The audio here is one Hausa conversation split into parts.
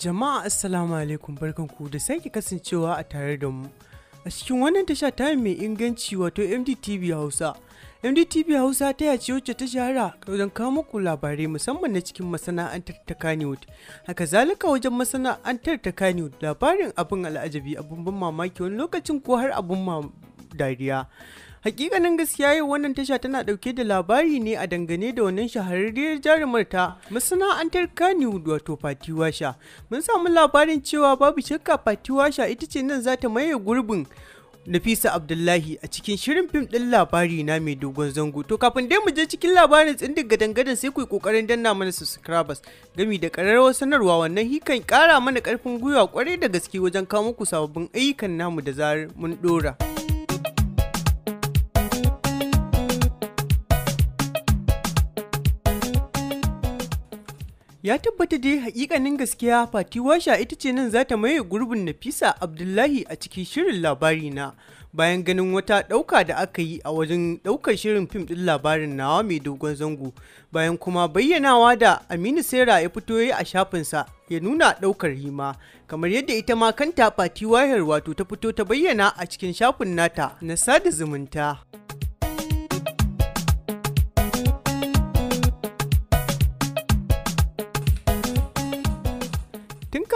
Jama'a Assalamu alaikum barkan ku da sake kasancewa a tare da mu. A cikin wannan tasha ta mai inganci wato MDTV Hausa. MDTV Hausa ta yace wacce ta shahara don kawo muku labarai musamman na cikin masana'antar ta Kannywood. Haka zalika wajen masana'antar ta Kannywood labarin abin al'ajabi abin ban mamaki wani lokacin ko har abin dariya hakikanin gaskiya yau wannan tasha tana dauke da labari ne a dangane da wannan shahararriyar jarumar ta masana'antar kaniwood wato fatiwasha mun samu labarin cewa babu shakka fatiwasha ita ce nan za ta maye gurbin Nafisa Abdullahi a cikin shirin fim ɗin labari na mai dogon zango. To kafin dai mu je cikin labarin tsindin gadangadan sai ku yi ƙoƙarin danna mana subscribers gami da ƙararrawar sanarwa wannan hikan ƙara mana ƙarfin gwiwa kwarai da gaske wajen kawo muku sababbin ayyukan namu da zarar mun ɗora. ya tabbata dai hakikanin gaskiya fati washa ita ce nan za ta maye gurbin nafisa abdullahi a cikin shirin labari na bayan ganin wata ɗauka da aka yi a wajen ɗaukar shirin fim ɗin labarin nawa mai dogon zango bayan kuma bayyanawa da aminu sera ya fito ya a shafinsa ya nuna ɗaukar hima kamar yadda ita ma kanta fati wayar wato ta fito ta bayyana a cikin shafin nata na sada zumunta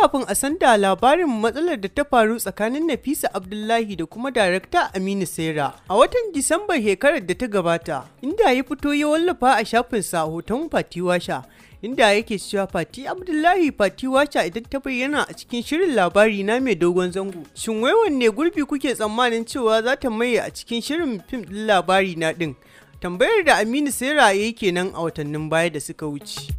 kafin a sanda labarin matsalar da ta faru tsakanin Nafisa Abdullahi da kuma darakta Aminu Sera a watan Disambar shekarar da ta gabata, inda ya fito ya wallafa a sa hoton fati fati-washa inda yake cewa Fati Abdullahi Fati washa idan ta bayyana a cikin shirin labari na mai dogon zango. Shin wai wanne gurbi kuke tsammanin cewa za ta maye a cikin shirin fim ɗin labari na ɗin? Tambayar da Aminu Sera yake nan a watannin baya da suka wuce.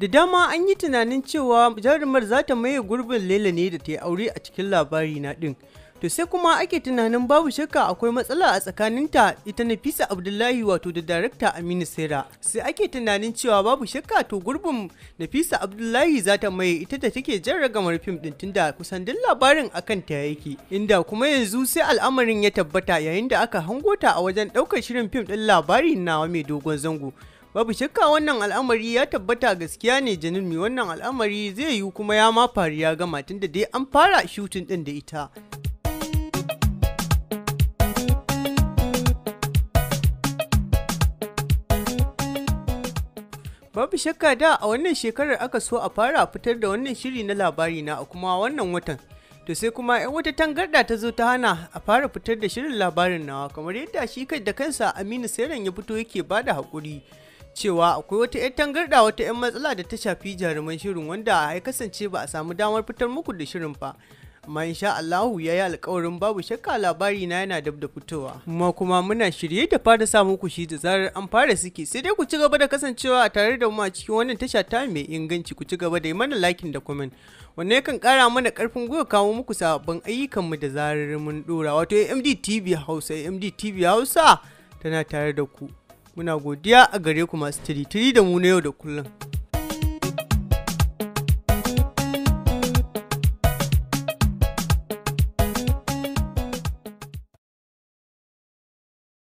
Da dama an yi tunanin cewa jarumar za ta maye gurbin lela ne da ta yi aure a cikin labari na din To sai kuma ake tunanin babu shakka akwai matsala a tsakaninta ita Nafisa Abdullahi wato da darakta Aminu Sera. Sai ake tunanin cewa babu shakka to gurbin Nafisa Abdullahi za ta maye ita da take jan ragamar fim din tunda kusan duk labarin akan ta yake. Inda kuma yanzu sai al'amarin ya tabbata yayin da aka hango ta a wajen ɗaukar shirin fim din labari na mai dogon zango. babu shakka wannan al'amari ya tabbata gaskiya ne janin janirmi wannan al'amari zai yi kuma ya ma faru ya gama tunda dai an fara shutin din da ita Babu shakka da a wannan shekarar aka so a fara fitar da wannan shiri na labari na a kuma wannan watan. To sai kuma ‘yan wata tangarda ta zo ta hana a fara fitar da shirin labarin nawa kamar yadda shi kai da kansa Aminu Sairan ya fito yake bada haƙuri. cewa akwai wata 'yan tangarda wata 'yan matsala da ta shafi jaruman shirin wanda ya kasance ba a samu damar fitar muku da shirin fa? amma insha Allahu ya yi alkawarin babu shakka labari na yana dab da fitowa kuma kuma muna shirye da fara sa muku shi da zarar an fara suke sai dai ku ci gaba da kasancewa a tare da mu a cikin wannan tasha ta mai inganci ku ci gaba da yi mana lakin da comment wannan yakan kara mana karfin gwiwa kawo muku sabon ayyukan mu da zarar mun dora wato AMD TV Hausa AMD TV Hausa tana tare da ku Muna godiya a gare ku masu tiri da mu na yau da kullum.